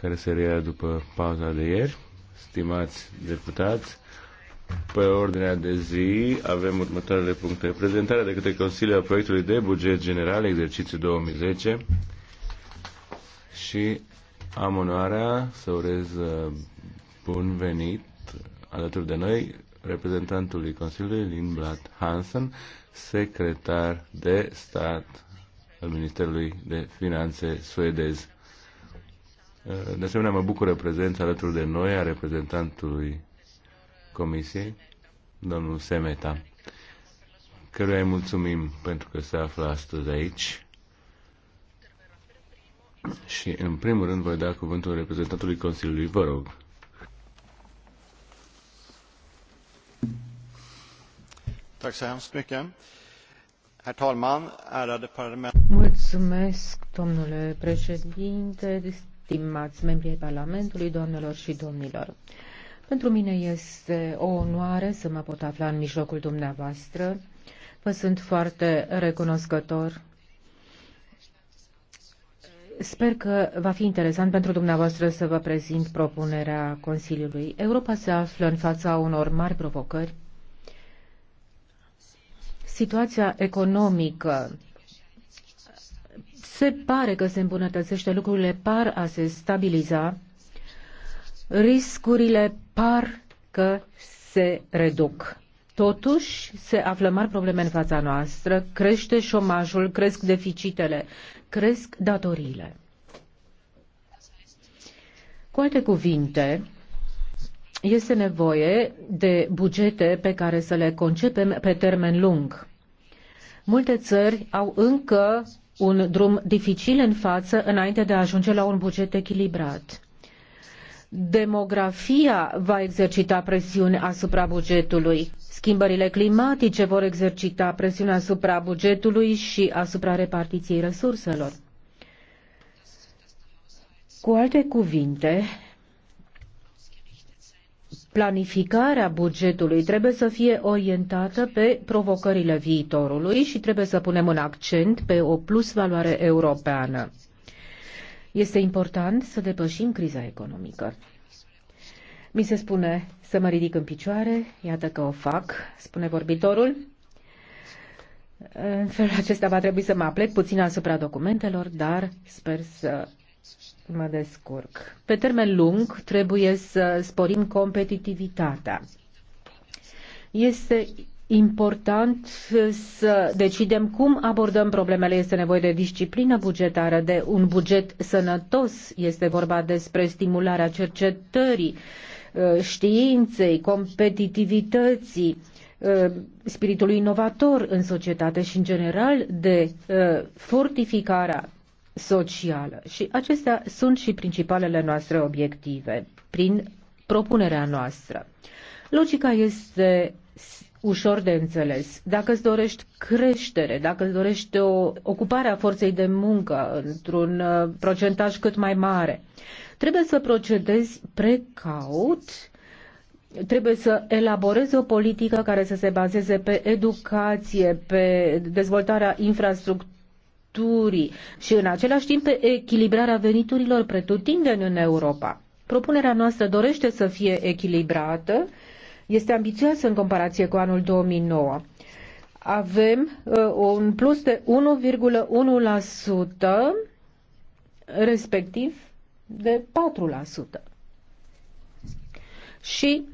care se reia după pauza de ieri. Stimați deputați, pe ordinea de zi avem următoarele puncte. Prezentarea de către Consiliul a proiectului de buget general exercițiu 2010 și am onoarea să urez uh, bun venit alături de noi reprezentantului Consiliului Lindblad Hansen, secretar de stat al Ministerului de Finanțe suedez. De asemenea, mă bucură prezența alături de noi a reprezentantului Comisiei, domnul Semeta, căruia îi mulțumim pentru că se află astăzi aici. Și, în primul rând, voi da cuvântul reprezentantului Consiliului, vă rog. Mulțumesc, domnule președinte, stimați membrii Parlamentului, doamnelor și domnilor. Pentru mine este o onoare să mă pot afla în mijlocul dumneavoastră. Vă sunt foarte recunoscător. Sper că va fi interesant pentru dumneavoastră să vă prezint propunerea Consiliului. Europa se află în fața unor mari provocări. Situația economică se pare că se îmbunătățește, lucrurile par a se stabiliza, riscurile par că se reduc. Totuși, se află mari probleme în fața noastră, crește șomajul, cresc deficitele, cresc datoriile. Cu alte cuvinte, este nevoie de bugete pe care să le concepem pe termen lung. Multe țări au încă un drum dificil în față înainte de a ajunge la un buget echilibrat. Demografia va exercita presiune asupra bugetului. Schimbările climatice vor exercita presiune asupra bugetului și asupra repartiției resurselor. Cu alte cuvinte, planificarea bugetului trebuie să fie orientată pe provocările viitorului și trebuie să punem un accent pe o plusvaloare europeană. Este important să depășim criza economică. Mi se spune să mă ridic în picioare, iată că o fac, spune vorbitorul. În felul acesta va trebui să mă aplec puțin asupra documentelor, dar sper să mă descurc. Pe termen lung trebuie să sporim competitivitatea. Este important să decidem cum abordăm problemele. Este nevoie de disciplină bugetară, de un buget sănătos. Este vorba despre stimularea cercetării, uh, științei, competitivității, uh, spiritului inovator în societate și, în general, de uh, fortificarea socială. Și acestea sunt și principalele noastre obiective prin propunerea noastră. Logica este ușor de înțeles. Dacă îți dorești creștere, dacă îți dorești o ocupare a forței de muncă într-un uh, procentaj cât mai mare, trebuie să procedezi precaut, trebuie să elaborezi o politică care să se bazeze pe educație, pe dezvoltarea infrastructurii, agriculturii și în același timp echilibrarea veniturilor pretutindeni în Europa. Propunerea noastră dorește să fie echilibrată, este ambițioasă în comparație cu anul 2009 avem uh, un plus de 1,1%, respectiv de 4%. Și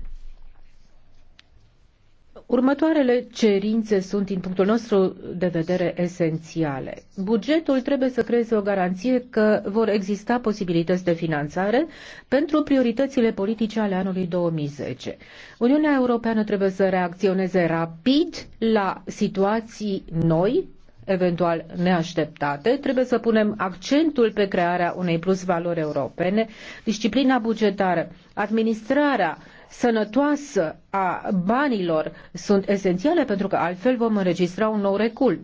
Următoarele cerințe sunt, din punctul nostru de vedere, esențiale. Bugetul trebuie să creeze o garanție că vor exista posibilități de finanțare pentru prioritățile politice ale anului 2010. Uniunea Europeană trebuie să reacționeze rapid la situații noi eventual neașteptate, trebuie să punem accentul pe crearea unei plus valori europene, disciplina bugetară, administrarea sănătoasă a banilor sunt esențiale pentru că altfel vom înregistra un nou recul.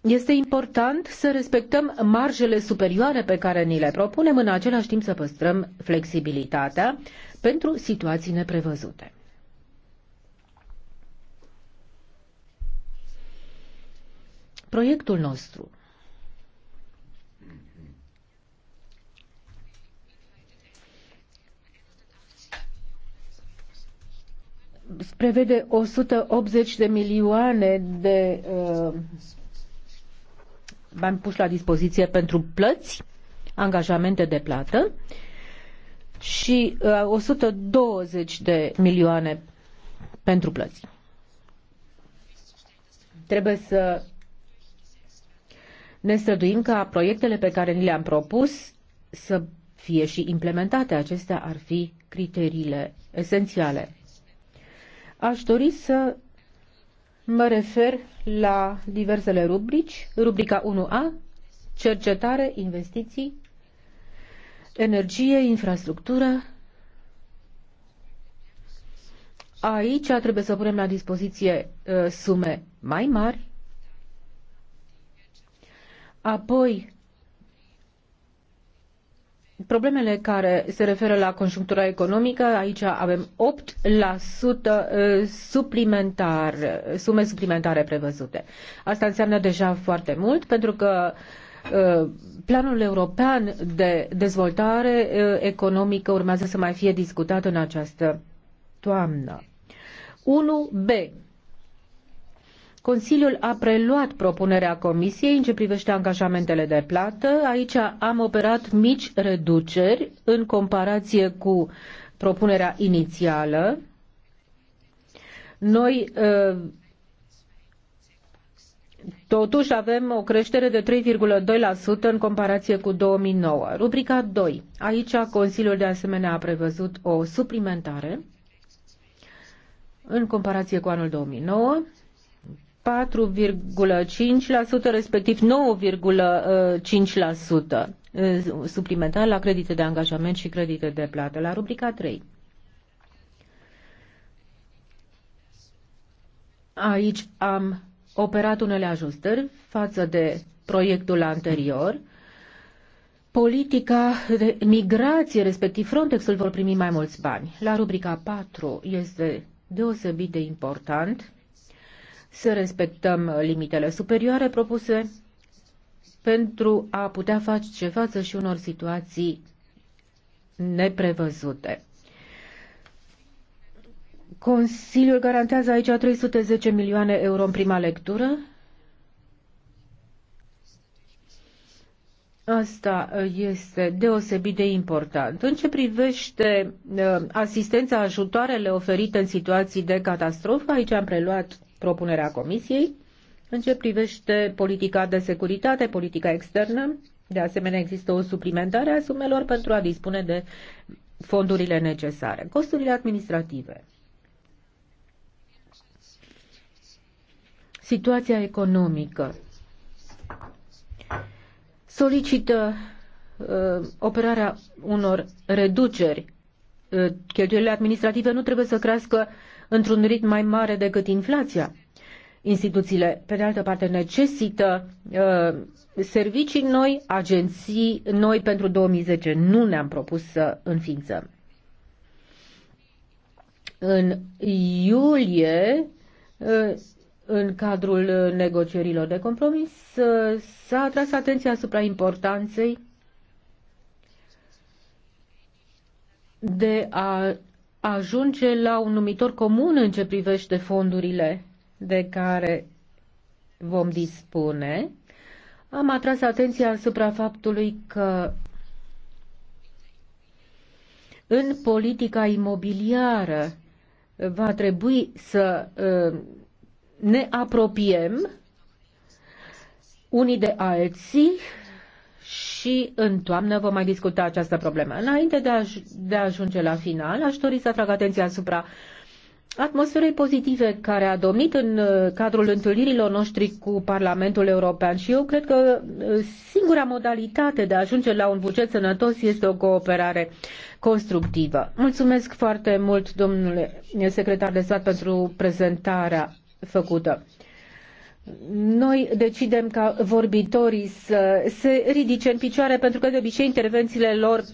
Este important să respectăm marjele superioare pe care ni le propunem, în același timp să păstrăm flexibilitatea pentru situații neprevăzute. Proiectul nostru prevede 180 de milioane de uh, bani puși la dispoziție pentru plăți, angajamente de plată și uh, 120 de milioane pentru plăți. Trebuie să ne străduim ca proiectele pe care ni le-am propus să fie și implementate. Acestea ar fi criteriile esențiale. Aș dori să mă refer la diversele rubrici. Rubrica 1A, cercetare, investiții, energie, infrastructură. Aici trebuie să punem la dispoziție uh, sume mai mari. Apoi, problemele care se referă la conjunctura economică, aici avem 8% uh, suplimentar, sume suplimentare prevăzute. Asta înseamnă deja foarte mult pentru că uh, planul european de dezvoltare uh, economică urmează să mai fie discutat în această toamnă. 1B Consiliul a preluat propunerea Comisiei în ce privește angajamentele de plată. Aici am operat mici reduceri în comparație cu propunerea inițială. Noi ă, totuși avem o creștere de 3,2% în comparație cu 2009. Rubrica 2. Aici Consiliul de asemenea a prevăzut o suplimentare în comparație cu anul 2009 4,5%, respectiv 9,5% uh, uh, suplimentar la credite de angajament și credite de plată. La rubrica 3. Aici am operat unele ajustări față de proiectul anterior. Politica de migrație, respectiv Frontexul, vor primi mai mulți bani. La rubrica 4 este deosebit de important să respectăm limitele superioare propuse pentru a putea face față și unor situații neprevăzute. Consiliul garantează aici 310 milioane euro în prima lectură. Asta este deosebit de important. În ce privește uh, asistența, ajutoarele oferite în situații de catastrofă, aici am preluat propunerea Comisiei în ce privește politica de securitate, politica externă. De asemenea, există o suplimentare a sumelor pentru a dispune de fondurile necesare. Costurile administrative. Situația economică solicită uh, operarea unor reduceri. Uh, cheltuielile administrative nu trebuie să crească uh, într-un ritm mai mare decât inflația. Instituțiile, pe de altă parte, necesită uh, servicii noi, agenții noi pentru 2010. Nu ne-am propus să înființăm. În iulie uh, în cadrul negocierilor de compromis uh, s-a atras atenția asupra importanței de a ajunge la un numitor comun în ce privește fondurile de care vom dispune, am atras atenția asupra faptului că în politica imobiliară va trebui să ă, ne apropiem unii de alții și în toamnă vom mai discuta această problemă. Înainte de a, de a ajunge la final, aș dori să atrag atenția asupra atmosferei pozitive care a domnit în uh, cadrul întâlnirilor noștri cu Parlamentul European și eu cred că uh, singura modalitate de a ajunge la un buget sănătos este o cooperare constructivă. Mulțumesc foarte mult, domnule secretar de stat, pentru prezentarea făcută noi decidem ca vorbitorii să se ridice în picioare pentru că de obicei intervențiile lor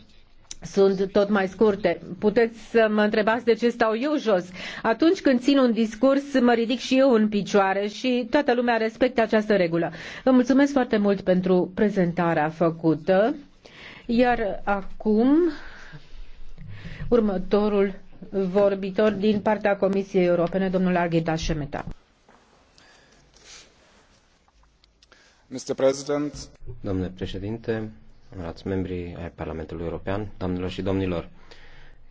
sunt tot mai scurte. Puteți să mă întrebați de ce stau eu jos. Atunci când țin un discurs, mă ridic și eu în picioare și toată lumea respectă această regulă. Vă mulțumesc foarte mult pentru prezentarea făcută. Iar acum, următorul vorbitor din partea Comisiei Europene, domnul Argheta Șemeta. Mr. President. Domnule președinte, rați membrii ai Parlamentului European, doamnelor și domnilor,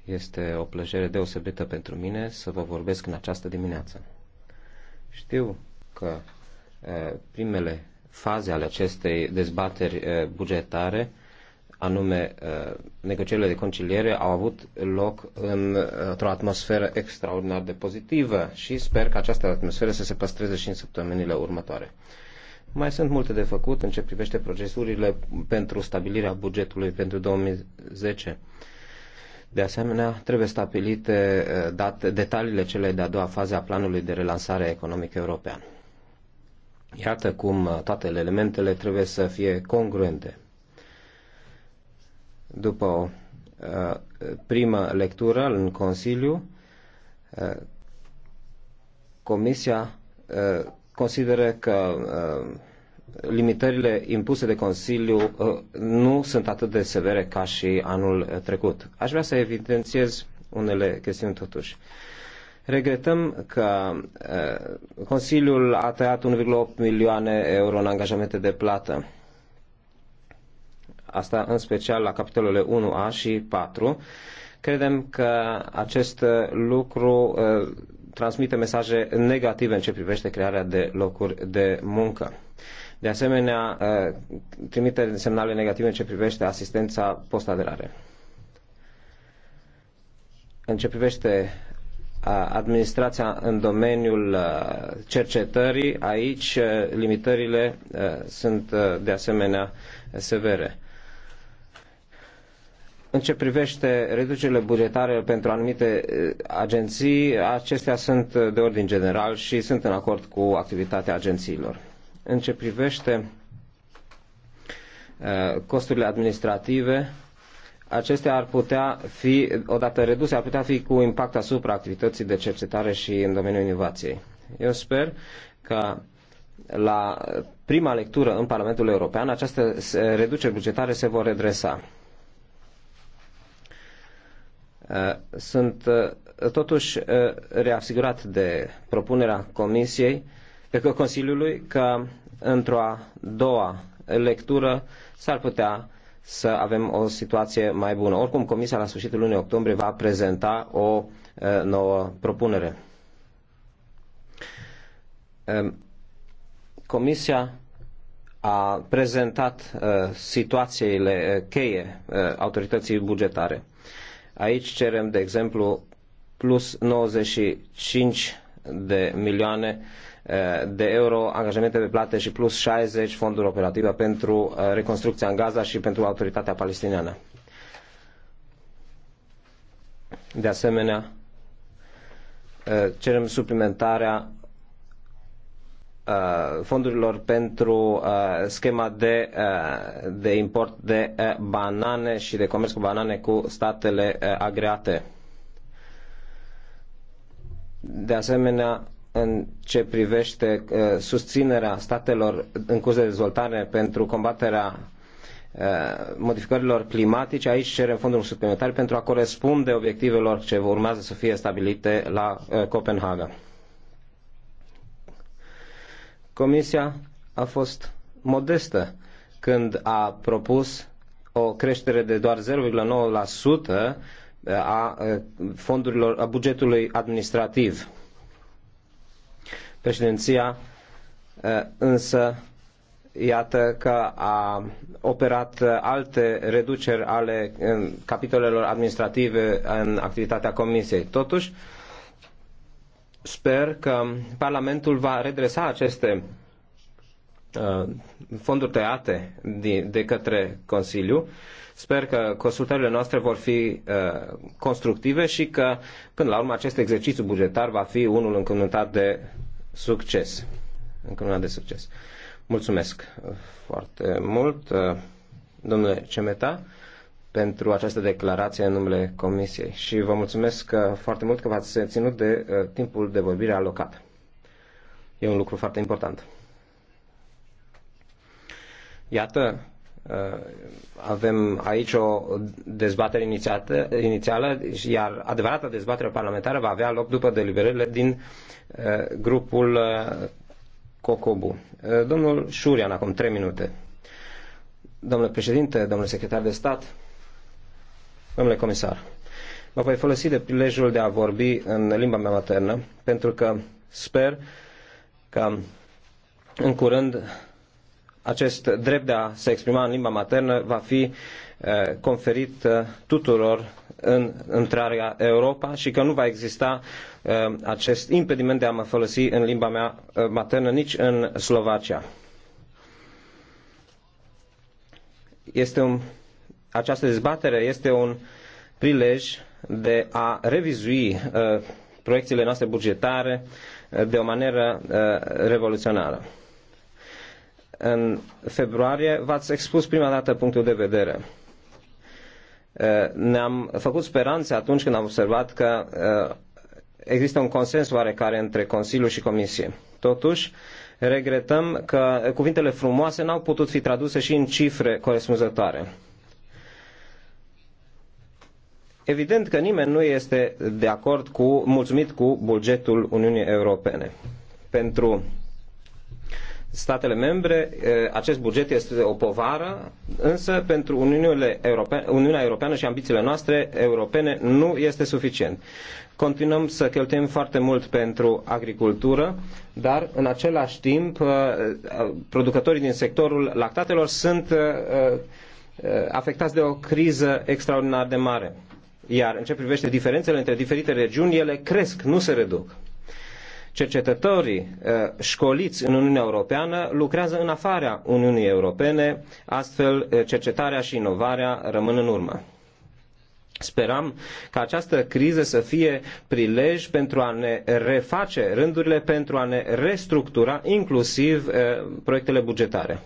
este o plăcere deosebită pentru mine să vă vorbesc în această dimineață. Știu că primele faze ale acestei dezbateri bugetare, anume negocierile de conciliere, au avut loc într-o atmosferă extraordinar de pozitivă și sper că această atmosferă să se păstreze și în săptămânile următoare. Mai sunt multe de făcut în ce privește procesurile pentru stabilirea bugetului pentru 2010. De asemenea, trebuie stabilite eh, date, detaliile cele de-a doua faze a planului de relansare economică european. Iată cum eh, toate elementele trebuie să fie congruente. După o eh, primă lectură în Consiliu, Comisia consideră că uh, limitările impuse de Consiliu uh, nu sunt atât de severe ca și anul trecut. Aș vrea să evidențiez unele chestiuni totuși. Regretăm că uh, Consiliul a tăiat 1,8 milioane euro în angajamente de plată. Asta în special la capitolele 1A și 4. Credem că acest lucru transmite mesaje negative în ce privește crearea de locuri de muncă. De asemenea, eh, trimite semnale negative în ce privește asistența postaderare. În ce privește eh, administrația în domeniul eh, cercetării, aici limitările sunt de asemenea severe. În ce privește reducerile bugetare pentru anumite eh, agenții, acestea sunt eh, de ordin general și sunt în acord cu activitatea agențiilor. În ce privește eh, costurile administrative, acestea ar putea fi, odată reduse, ar putea fi cu impact asupra activității de cercetare și în domeniul inovației. Eu sper că la prima lectură în Parlamentul European această reduceri bugetare se vor redresa. Uh, sunt uh, totuși uh, reasigurat de propunerea Comisiei, pe că Consiliului, că într-o a doua lectură s-ar putea să avem o situație mai bună. Oricum, Comisia la sfârșitul lunii octombrie va prezenta o nouă propunere. Um, Comisia a prezentat situațiile cheie autorității bugetare. Aici cerem, de exemplu, plus 95 de milioane eh, de euro angajamente pe plate și plus 60 fonduri operative pentru eh, reconstrucția în Gaza și pentru autoritatea palestiniană. De asemenea, eh, cerem suplimentarea Uh, fondurilor pentru uh, schema de, uh, de import de banane și de comerț cu banane cu statele agreate. De asemenea, în ce privește susținerea statelor în curs de dezvoltare pentru combaterea modificărilor climatice, aici cerem fonduri suplimentare pentru a corespunde obiectivelor ce urmează să fie stabilite la Copenhaga. Comisia a fost modestă când a propus o creștere de doar 0,9% a fondurilor, a bugetului administrativ. Președinția însă iată că a operat alte reduceri ale capitolelor administrative în activitatea Comisiei. Totuși, Sper că Parlamentul va redresa aceste uh, fonduri tăiate de către Consiliu. Sper că consultările noastre vor fi uh, constructive și că, până la urmă, acest exercițiu bugetar va fi unul încununat de succes. Încununat de succes. Mulțumesc foarte mult, uh, domnule Cemeta pentru această declarație în numele Comisiei și vă mulțumesc uh, foarte mult că v-ați ținut de uh, timpul de vorbire alocat. E un lucru foarte important. Iată, uh, avem aici o dezbatere inițiată, inițială, iar adevărata dezbatere parlamentară va avea loc după deliberările din grupul COCOBU. Domnul Șurian, acum trei minute. Domnule președinte, domnule secretar de stat, Domnule comisar, mă voi folosi de prilejul de a vorbi în limba mea maternă, pentru că sper că în curând acest drept de a se exprima în limba maternă va fi eh, conferit eh, tuturor în întreaga Europa și că nu va exista eh, acest impediment de a mă folosi în limba mea maternă nici în Slovacia. Este un această dezbatere este un prilej de a revizui uh, proiecțiile noastre bugetare uh, de o manieră uh, revoluționară. În februarie v-ați expus prima dată punctul de vedere ne-am făcut speranțe atunci când am observat că există un consens oarecare între Consiliu și Comisie. Totuși, regretăm că cuvintele frumoase n-au putut fi traduse și în cifre corespunzătoare. Evident că nimeni nu este de acord cu, mulțumit cu bugetul Uniunii Europene. Pentru statele membre, acest buget este o povară, însă pentru Uniunile Europene, Uniunea Europeană și ambițiile noastre europene nu este suficient. Continuăm să cheltuim foarte mult pentru agricultură, dar în același timp producătorii din sectorul lactatelor sunt afectați de o criză extraordinar de mare iar în ce privește diferențele între diferite regiuni, ele cresc, nu se reduc. Cercetătorii uh, școliți în Uniunea Europeană lucrează în afara Uniunii Europene, astfel uh, cercetarea și inovarea rămân în urmă. Speram ca această criză să fie prilej pentru a ne reface rândurile, pentru a ne restructura inclusiv uh, proiectele bugetare.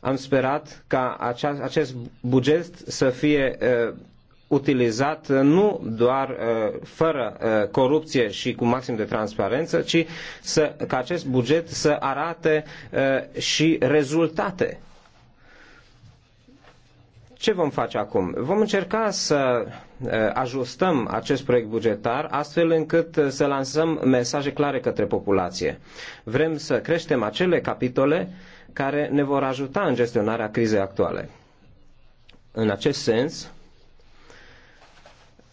Am sperat ca acest buget să fie utilizat uh, nu doar uh, fără uh, corupție și cu maxim de transparență, ci să, ca acest buget să arate și rezultate. Ce vom face acum? Vom încerca să ajustăm acest proiect bugetar astfel încât să lansăm mesaje clare către populație. Vrem să creștem acele capitole care ne vor ajuta în gestionarea crizei actuale. În acest sens,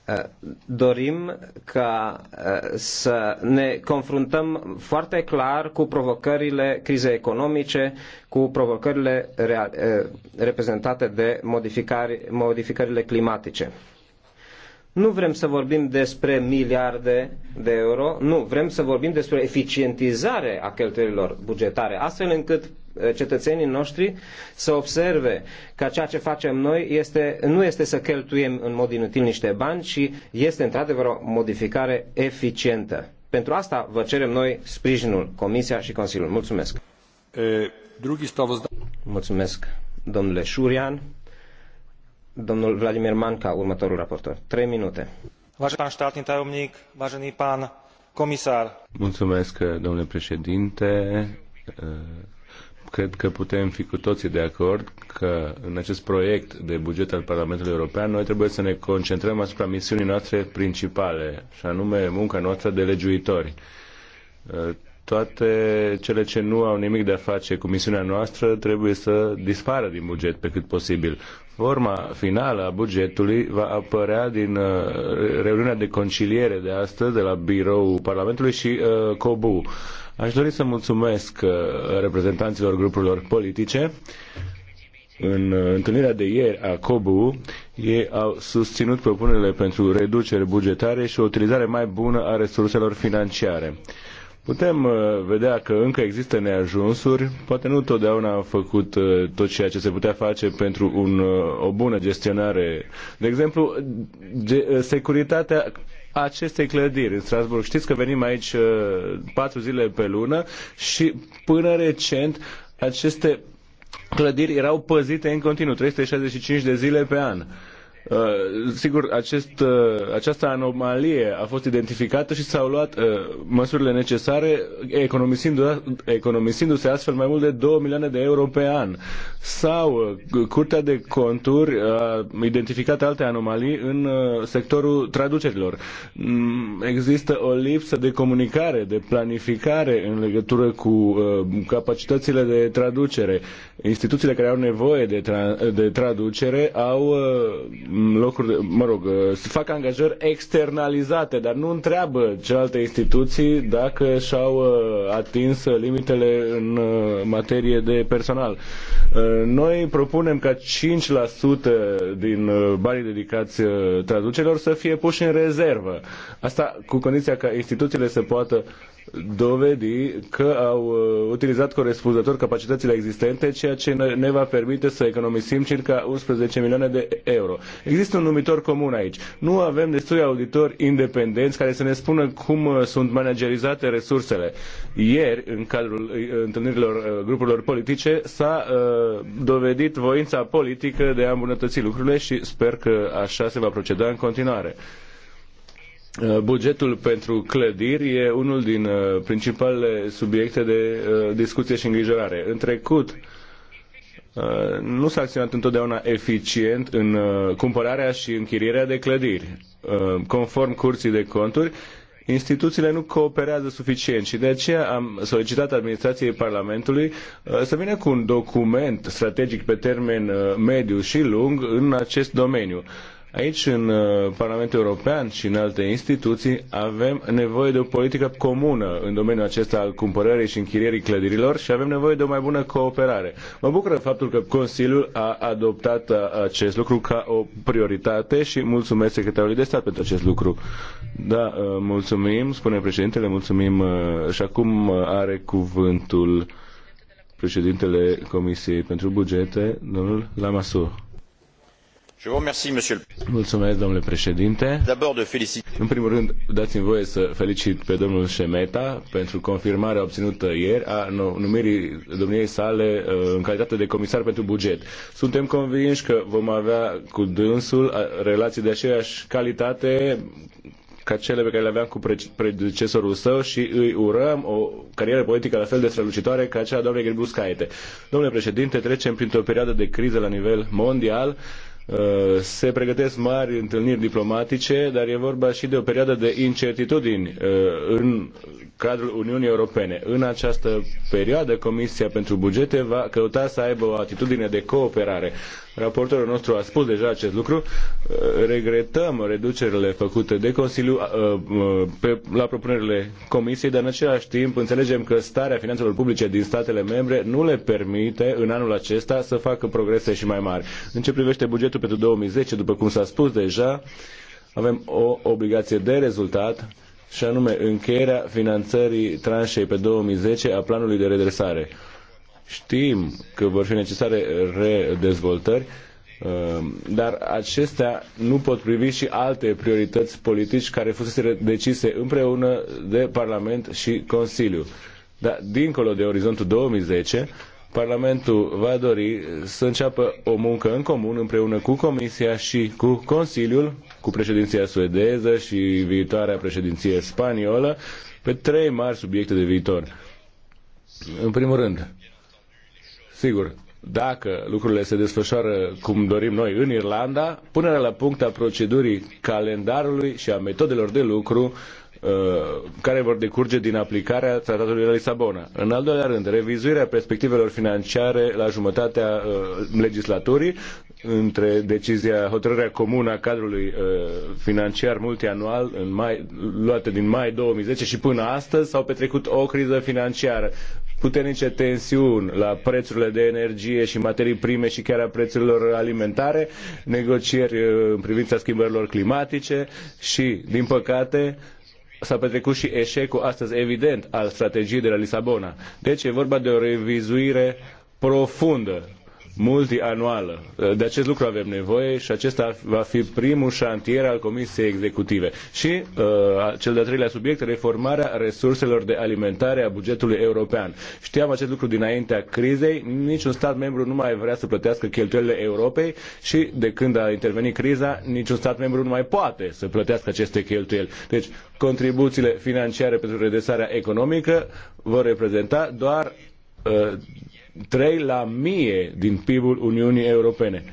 Eh, dorim ca eh, să ne confruntăm foarte clar cu provocările crizei economice, cu provocările eh, reprezentate de modificările climatice. Nu vrem să vorbim despre miliarde de euro, nu, vrem să vorbim despre eficientizare a cheltuielilor bugetare, astfel încât Eh, cetățenii noștri să observe că ceea ce facem noi este, nu este să cheltuim în mod inutil niște bani, ci este într-adevăr o modificare eficientă. Pentru asta vă cerem noi sprijinul, Comisia și Consiliul. Mulțumesc! Eh, Mulțumesc, domnule Șurian. Domnul Vladimir Manca, următorul raportor. Trei minute. Vážený pán štátny tajomník, vážený comisar. Mulțumesc, domnule președinte, eh, cred că putem fi cu toții de acord că în acest proiect de buget al Parlamentului European noi trebuie să ne concentrăm asupra misiunii noastre principale, și anume munca noastră de legiuitori toate cele ce nu au nimic de a face cu misiunea noastră trebuie să dispară din buget pe cât posibil. Forma finală a bugetului va apărea din uh, reuniunea de conciliere de astăzi de la biroul Parlamentului și uh, COBU. Aș dori să mulțumesc uh, reprezentanților grupurilor politice. În uh, întâlnirea de ieri a COBU, ei au susținut propunerile pentru reducere bugetare și o utilizare mai bună a resurselor financiare. Putem uh, vedea că încă există neajunsuri, poate nu totdeauna am făcut uh, tot ceea ce se putea face pentru un, uh, o bună gestionare. De exemplu, ge, securitatea acestei clădiri în Strasburg. Știți că venim aici patru zile pe lună și până recent aceste clădiri erau păzite în continuu, 365 de zile pe an. Uh, Uh, sigur, acest, uh, această anomalie a fost identificată și s-au luat uh, măsurile necesare, economisindu-se astfel mai mult de 2 milioane de euro pe an. Sau Curtea de Conturi a identificat alte anomalii în sectorul traducerilor. Mm, există o lipsă de comunicare, de planificare în legătură cu capacitățile de traducere. Instituțiile care au nevoie de, tra- de traducere au locuri, de, mă rog, uh, se fac angajări externalizate, dar nu întreabă celelalte instituții dacă și-au uh, atins limitele în uh, materie de personal. Noi propunem ca 5% din banii dedicați traducerilor să fie puși în rezervă. Asta cu condiția ca instituțiile să poată dovedi că au uh, utilizat corespunzător capacitățile existente, ceea ce ne va permite să economisim circa 11 milioane de euro. Există un numitor comun aici. Nu avem destui auditori independenți care să ne spună cum uh, sunt managerizate resursele. Ieri, în cadrul uh, întâlnirilor grupurilor politice, s-a dovedit voința politică de a îmbunătăți lucrurile și sper că așa se va proceda în continuare. Uh, bugetul pentru clădiri e unul din uh, principalele subiecte de uh, discuție și îngrijorare. În trecut, nu s-a acționat întotdeauna eficient în cumpărarea și închirierea de clădiri. Conform curții de conturi, instituțiile nu cooperează suficient și de aceea am solicitat administrației Parlamentului să vină cu un document strategic pe termen mediu și lung în acest domeniu. Aici, în uh, Parlamentul European și în alte instituții, avem nevoie de o politică comună în domeniul acesta al cumpărării și închirierii clădirilor și avem nevoie de o mai bună cooperare. Mă bucură faptul că Consiliul a adoptat uh, acest lucru ca o prioritate și mulțumesc secretarului de stat pentru acest lucru. Da, uh, mulțumim, spune președintele, mulțumim și acum are cuvântul președintele Comisiei pentru Bugete, domnul Lamassu. Mulțumesc, domnule președinte. În primul rând, dați-mi voie să felicit pe domnul Șemeta pentru confirmarea obținută ieri a numirii domniei sale uh, în calitate de comisar pentru buget. Suntem convinși că vom avea cu dânsul uh, relații de aceeași calitate ca cele pe care le aveam cu predecesorul său și îi urăm o carieră politică la fel de strălucitoare ca cea a doamnei Gribuscaite. Domnule președinte, trecem printr-o perioadă de criză la nivel mondial Uh, se pregătesc mari întâlniri diplomatice, dar e vorba și de o perioadă de incertitudini uh, în cadrul Uniunii Europene. În această perioadă, Comisia pentru Bugete va căuta să aibă o atitudine de cooperare. Raportorul nostru a spus deja acest lucru. Regretăm reducerile făcute de Consiliu uh, uh, la propunerile Comisiei, dar în același timp înțelegem că starea finanțelor publice din statele membre nu le permite în anul acesta să facă progrese și mai mari. În ce privește bugetul pentru 2010, după cum s-a spus deja, avem o obligație de rezultat și anume încheierea finanțării tranșei pe 2010 a planului de redresare. Știm că vor fi necesare redezvoltări, uh, dar acestea nu pot privi și alte priorități politici care fusese decise împreună de Parlament și Consiliu. Dar dincolo de orizontul 2010, Parlamentul va dori să înceapă o muncă în comun împreună cu Comisia și cu Consiliul, cu președinția suedeză și viitoarea președinție spaniolă, pe trei mari subiecte de viitor. În primul rând, sigur, dacă lucrurile se desfășoară cum dorim noi în Irlanda, punerea la punct a procedurii calendarului și a metodelor de lucru Uh, care vor decurge din aplicarea tratatului de la Lisabona. În al doilea rând, revizuirea perspectivelor financiare la jumătatea uh, legislaturii între decizia, hotărârea comună a cadrului uh, financiar multianual în mai, luată din mai 2010 și până astăzi s-au petrecut o criză financiară puternice tensiuni la prețurile de energie și materii prime și chiar a prețurilor alimentare, negocieri în privința schimbărilor climatice și, din păcate, s-a petrecut și eșecul astăzi evident al strategiei de la Lisabona. Deci e vorba de o revizuire profundă multianuală. De acest lucru avem nevoie și acesta va fi primul șantier al Comisiei Executive. Și uh, cel de-al treilea subiect, reformarea resurselor de alimentare a bugetului european. Știam acest lucru dinaintea crizei, niciun stat membru nu mai vrea să plătească cheltuielile Europei și de când a intervenit criza, niciun stat membru nu mai poate să plătească aceste cheltuieli. Deci, contribuțiile financiare pentru redresarea economică vor reprezenta doar uh, 3 la mie din PIB-ul Uniunii Europene.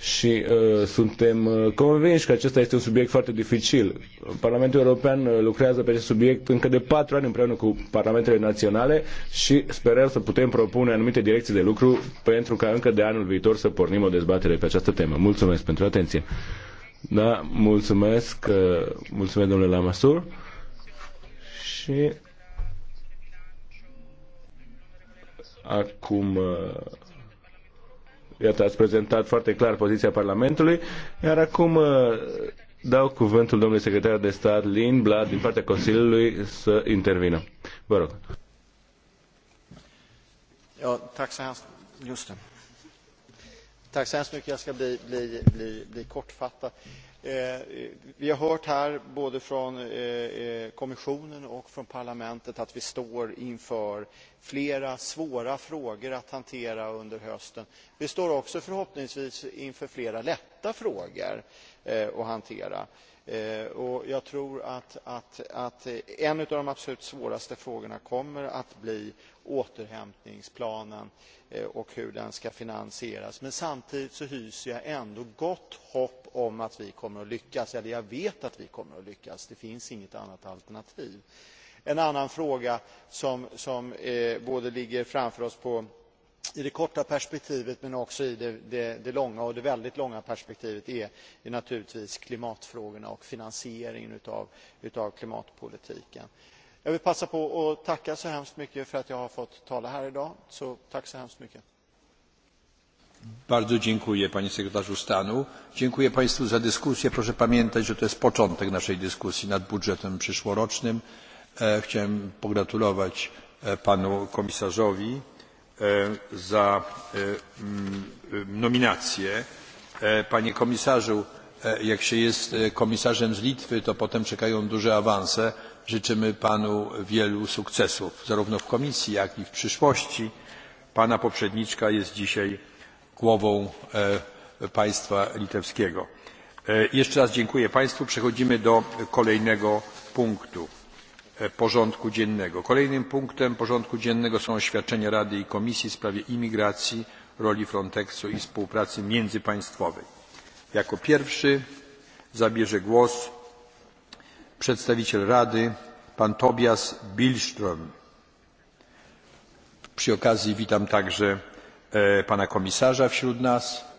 Și uh, suntem uh, convinși că acesta este un subiect foarte dificil. Parlamentul European uh, lucrează pe acest subiect încă de patru ani împreună cu parlamentele naționale și sperăm să putem propune anumite direcții de lucru pentru ca încă de anul viitor să pornim o dezbatere pe această temă. Mulțumesc pentru atenție. Da, mulțumesc, uh, mulțumesc domnule Lamasur și Acum, uh, iată, ați prezentat foarte clar poziția Parlamentului, iar acum uh, dau cuvântul domnului secretar de stat Lin Blad din partea Consiliului să intervină. Vă rog. Ja, tack så hemskt. Just det. Tack så hemskt mycket. Jag ska bli, bli, bli, bli kortfattad. Eh, vi har hört här både från eh, eh, kommissionen och från parlamentet att vi står inför flera svåra frågor att hantera under hösten. Vi står också förhoppningsvis inför flera lätta frågor att hantera. Eh, jag tror att eh, en av de absolut svåraste frågorna kommer att bli återhämtningsplanen eh, och hur den ska finansieras. Men samtidigt hyser jag ändå gott hopp om att vi kommer att lyckas. Jag vet att vi kommer att lyckas. Det finns inget annat alternativ. En annan fråga som ligger framför oss på i det korta perspektivet men också i det långa och det väldigt långa perspektivet är naturligtvis klimatfrågorna och finansieringen av klimatpolitiken. Jag vill passa på att tacka så hemskt mycket för att jag har fått tala här i dag. Tack så hemskt mycket! Bardzo dziękuję panie sekretarzu stanu. Dziękuję państwu za dyskusję. Proszę pamiętać, że to jest początek naszej dyskusji nad budżetem przyszłorocznym. Chciałem pogratulować panu komisarzowi za nominację. Panie komisarzu, jak się jest komisarzem z Litwy, to potem czekają duże awanse. Życzymy panu wielu sukcesów, zarówno w komisji, jak i w przyszłości. Pana poprzedniczka jest dzisiaj głową państwa litewskiego. Jeszcze raz dziękuję państwu. Przechodzimy do kolejnego punktu porządku dziennego. Kolejnym punktem porządku dziennego są oświadczenia Rady i Komisji w sprawie imigracji, roli Frontexu i współpracy międzypaństwowej. Jako pierwszy zabierze głos przedstawiciel Rady, pan Tobias Billström. Przy okazji witam także pana komisarza wśród nas.